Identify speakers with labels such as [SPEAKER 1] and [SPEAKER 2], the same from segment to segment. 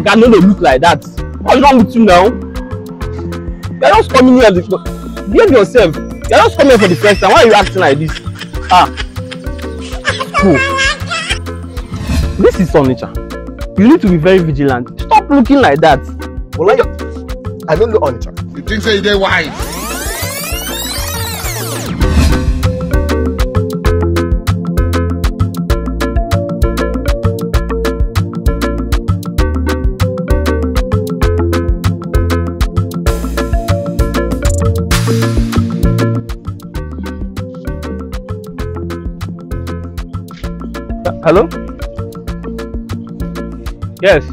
[SPEAKER 1] oga no dey look like that what's wrong with you now you are just coming here because behave yourself you are just coming here for the first time why are you acting like this ah oh this is onitsha you need to be very vigilant stop looking like that.
[SPEAKER 2] olayo i don't know onitsha you think say you dey wise.
[SPEAKER 1] Hello? Yes.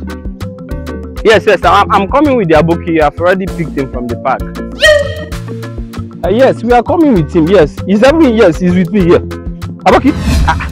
[SPEAKER 1] Yes, yes, I'm, I'm coming with the Aboki. I've already picked him from the park. Yes! Uh, yes, we are coming with him. Yes, he's having, yes, he's with me here. Aboki? Ah.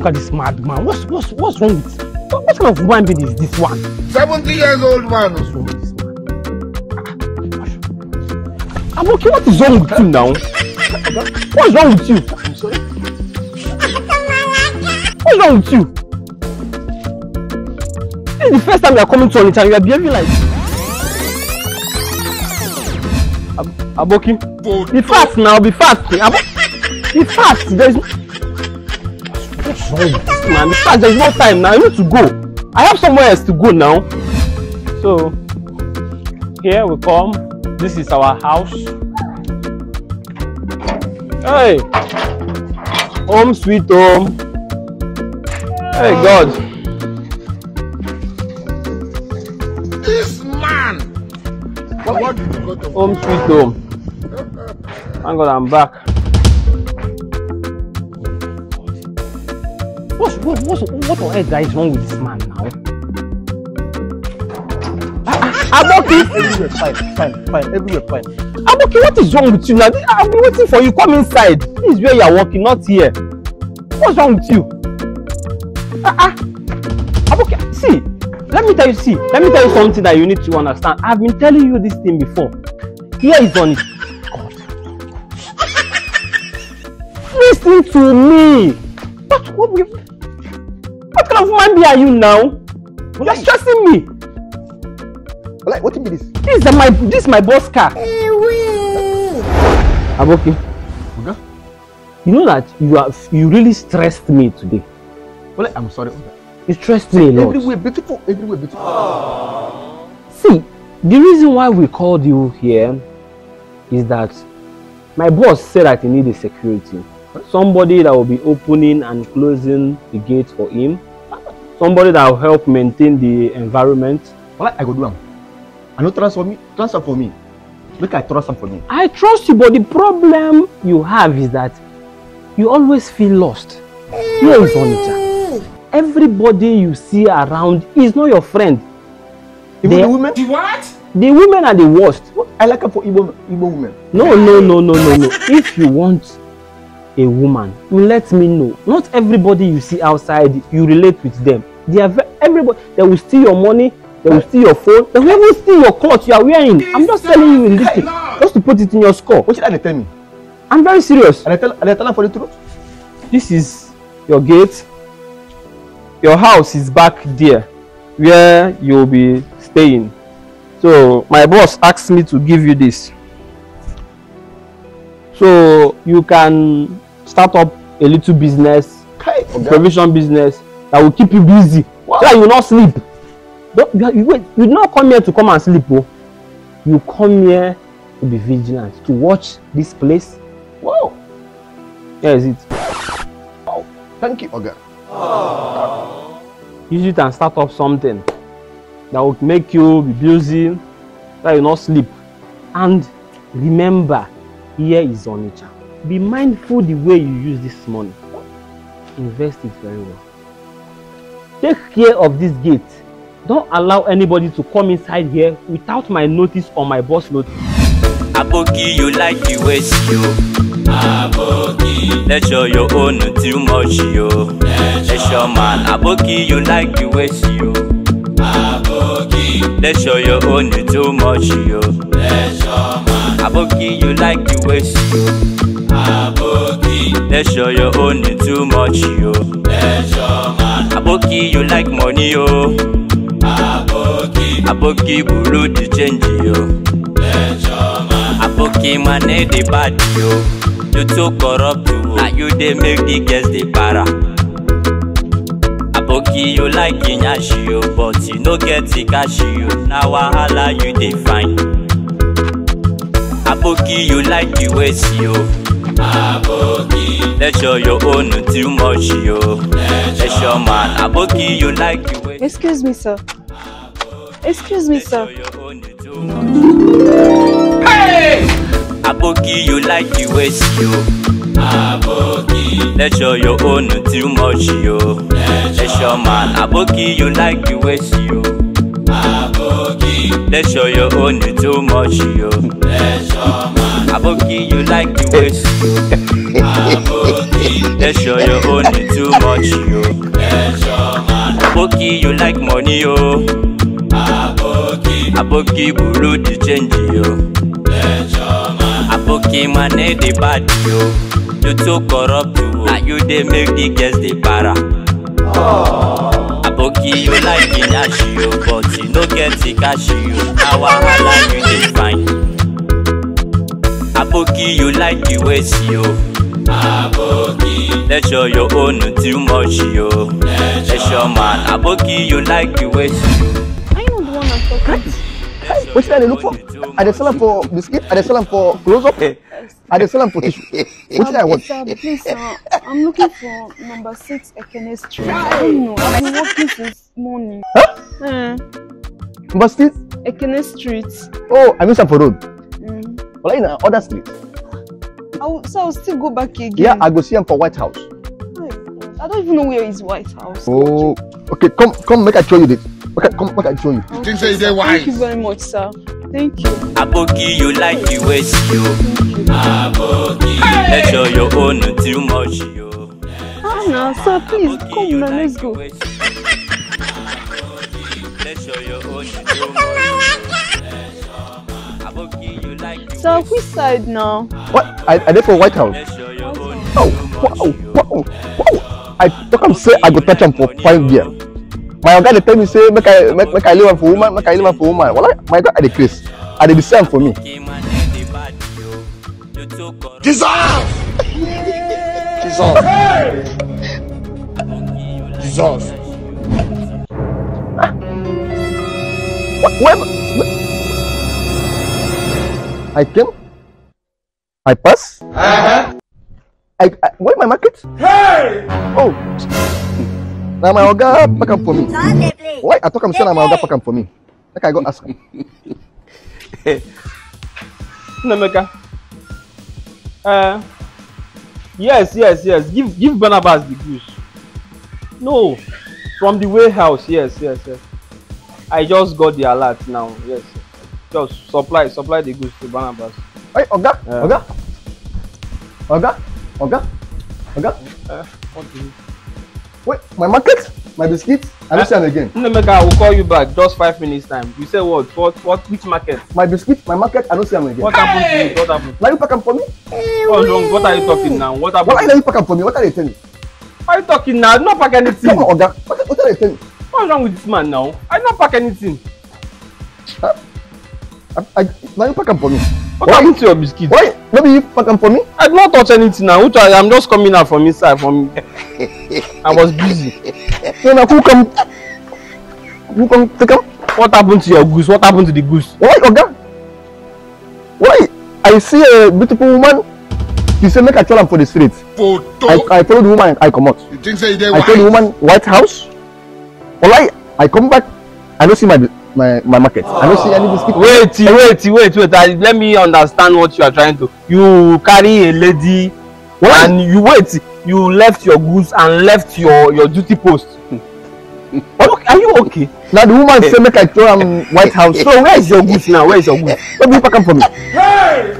[SPEAKER 1] Look at this mad man. What's what's what's wrong with What, what kind of human being is this one? Seventy years old man or so. I'm okay. What is wrong with you now? What's wrong with you? I'm sorry. What's wrong with you? This is the first time you are coming to Onitsha and you are behaving like. Ab Aboki, be fast now, be fast. be fast. There's. Man, sir, there's no time now. I need to go. I have somewhere else to go now. So, here we come. This is our house. Hey! Home sweet home. Hey, God. This man. What? Home sweet home. Thank God I'm back. What what, what what on earth is wrong with this man now? Aboki! Ah, ah, everywhere fine, fine, fine, everywhere fine. Aboki, what is wrong with you now? I've been waiting for you. Come inside. This is where you are working, not here. What's wrong with you? Ah, ah. Aboki, see, let me tell you, see, let me tell you something that you need to understand. I've been telling you this thing before. Here is on it. God. Listen to me. What, what,
[SPEAKER 2] What kind of man be are you now? You're stressing me. Like, what be this? This is my this is my boss car. Hey,
[SPEAKER 1] I'm okay. Oga? You know that you are you really stressed me today.
[SPEAKER 2] Well, I'm sorry, Oga.
[SPEAKER 1] You stressed me a lot. Everywhere
[SPEAKER 2] beautiful, everywhere beautiful.
[SPEAKER 1] See, the reason why we called you here is that my boss said that he needed security. somebody that will be opening and closing the gate for him somebody that will help maintain the environment well, i go do am i no transfer me transfer for me make i trust for me i trust you but the problem you have is that you always feel lost where is onitsha everybody you see around is not your friend even they, the women
[SPEAKER 2] the what
[SPEAKER 1] the women are the worst
[SPEAKER 2] i like am for igbo igbo women
[SPEAKER 1] no no no no no no if you want a woman let me know not everybody you see outside you relate with them they are everybody they will steal your money they will steal your phone they will even steal your clothes you are wearing i'm just telling you in this thing just to put it in your score what should i tell me i'm very serious and i tell and i tell am for the truth this is your gate your house is back there where you will be staying so my boss asked me to give you this so you can start up a little business
[SPEAKER 3] okay. provision
[SPEAKER 1] business that will keep you busy wow. so that you not sleep don't you, you wait you no come here to come and sleep o oh. you come here to be vigilant to watch this place wow here is it
[SPEAKER 2] wow thank you oga
[SPEAKER 1] okay. Ah. use it and start up something that will make you be busy that you not sleep and remember here is onitsha Be mindful the way you use this money. Invest it very well. Take care of this gate. Don't allow anybody to come inside here without my notice or my boss notice.
[SPEAKER 3] Aboki, you like the West, yo. Aboki. Lecture your own too much, yo. Lecture man. Aboki, you like the West, yo. Aboki. Lecture your own too much, yo. Lecture man. Aboki, you like the West, yo. Aboki. Lecture your own is too much, yo. Lecture man. Aboki, you like money, yo. Aboki. Aboki, buru the change, yo. Lecture man. Aboki, man, eh, the bad, yo. You too corrupt, yo. Now you they make the guests the para. Aboki, you like Inyashi, yo. But you no get the cash, yo. Now wahala you dey find. Aboki, you like the waste, yo. Aboki. Lecture your own too much, yo. Lecture man, Aboki, you like the
[SPEAKER 1] way. Excuse me, sir. Excuse me, sir.
[SPEAKER 3] Hey! Aboki, you like the waste, yo. Aboki. Lecture your own too much, yo. Lecture man, Aboki, you like the waste, yo. Aboki. Lecture your own, you too much, yo. Lecture man. Aboki, you like the waste. Aboki. Lecture your own, you too much, yo. Lecture man. Aboki, you like money, yo. Aboki. Aboki, buru the change, yo. Lecture man. Aboki, man, the bad, yo. You too corrupt, yo. Now you they make the guests the para. Oh lucky you like it dash you but you no get the cash you na wahala you dey find. aboki you like the waste you. aboki. let your own too much you. Let your man aboki you like the waste you. I know the one I'm
[SPEAKER 2] talking. What should I look for? Are they selling for biscuit? Are they selling for clothes up? Are they selling for tissue? What should I want? Um,
[SPEAKER 1] sir, um, please, sir. Uh, I'm looking for number six Ekene Street. I don't know. i am been working this morning. Huh? Hmm. number six? Ekene Street. Oh, I mean for road. Mm.
[SPEAKER 2] Well, in another uh, street.
[SPEAKER 1] I will, so I'll still go back again. Yeah, I
[SPEAKER 2] go see him for White House.
[SPEAKER 1] I don't even know where is White House.
[SPEAKER 2] Oh, okay. Come, come. Make I show you this. Okay, come, make I show you.
[SPEAKER 3] Okay, you think
[SPEAKER 1] Thank you very much, sir. Thank you.
[SPEAKER 3] Aboki, you like the waist, yo. Aboki, hey! let show your own too much, yo. Ah, no, sir, please, Aboki, come now, let's go.
[SPEAKER 1] So which side now?
[SPEAKER 2] What? I, I there for White House. Oh, wow, wow, wow. I talk and say I go touch him for five years. my oga dey tell me say make i make, make i leave am for woman make i leave am for woman wala my oga i dey craze i dey decide for me.
[SPEAKER 3] Dissolve, dissolve, dissolve.
[SPEAKER 2] What? Where, where, I came. I pass. Uh -huh. I, I where my market? Hey! Oh na my oga pack up for me why i talk am say my oga pack up for me make i go ask am. Nnameka
[SPEAKER 1] uh, yes yes yes give give Barnabas the goose no from the warehouse yes yes yes i just got the alert now yes just supply supply the goods to Barnabas.
[SPEAKER 2] Hey, oga uh, oga oga oga oga. Uh, Wait, my market? My biscuits? I don't see them again.
[SPEAKER 1] Nnameka, I will call you back just five minutes time. You say what? What? What? Which market? My biscuit. my market, I don't see them again. What happened to you? What happened? Now you packing for me?
[SPEAKER 3] Hey, eh, oh, What's wrong? What are you talking now? What happened? Why are you
[SPEAKER 2] packing for me? What are they telling me?
[SPEAKER 1] are you talking now? not pack anything. Come on, Oga. What, are they telling me? What's wrong with this man now? I not pack anything. Huh? I, I, now you pack them for me. What why? happened to your biscuits? Why? Maybe you pack am for me. i did not touch anything now. Which i am just coming out from inside from i was busy. so na who come who come take am. what happened to your
[SPEAKER 2] goose what happened to the goose. why oga why i see a beautiful woman you say make a throw for the street. photo i i follow the woman i come out. you
[SPEAKER 1] think say you dey white. i follow the
[SPEAKER 2] woman white house. ola i I come back i don't see my my my market. I don't see any biscuit. Wait, wait,
[SPEAKER 1] wait, wait. I, let me understand what you are trying to. You carry a lady what? and you wait. You left your goods and left your your duty post. okay, are you okay? Now the woman say make I throw am White House. So where is your goods now? Where is your goods? Let me pack am for me.
[SPEAKER 3] Hey!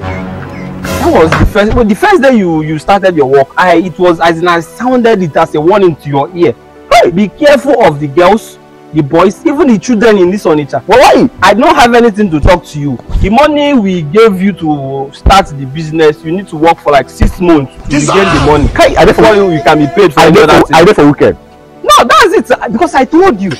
[SPEAKER 1] That was the first. Well, the first day you you started your work, I it was as in I sounded it as a warning to your ear. Hey, be careful of the girls the boys, even the children in this Onitsha. But why? I don't have anything to talk to you. The money we gave you to start the business, you need to work for like six months to Jesus. get the money. Can, I before you, you can be paid for another thing. I dey for weekend. No, that's it. Because I told you.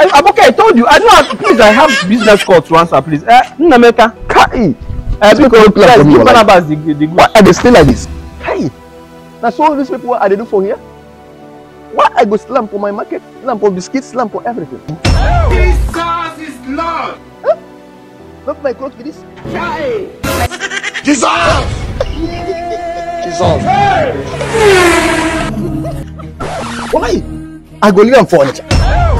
[SPEAKER 1] I, I'm okay. I told you. I know. I, please, I have business call to answer. Please, uh, Nnameka. Kai. Uh, because yes, give Barnabas the the. Why are they still like this?
[SPEAKER 2] Kai. Hey. That's all these people are they do for here. Why I go slam for my market, slam for biscuits, slam for everything? Oh.
[SPEAKER 3] This cause
[SPEAKER 2] is love! Huh? Not my clothes with this? Hey. Jesus! Yeah. Jesus! Hey. Why? I go leave them for nature.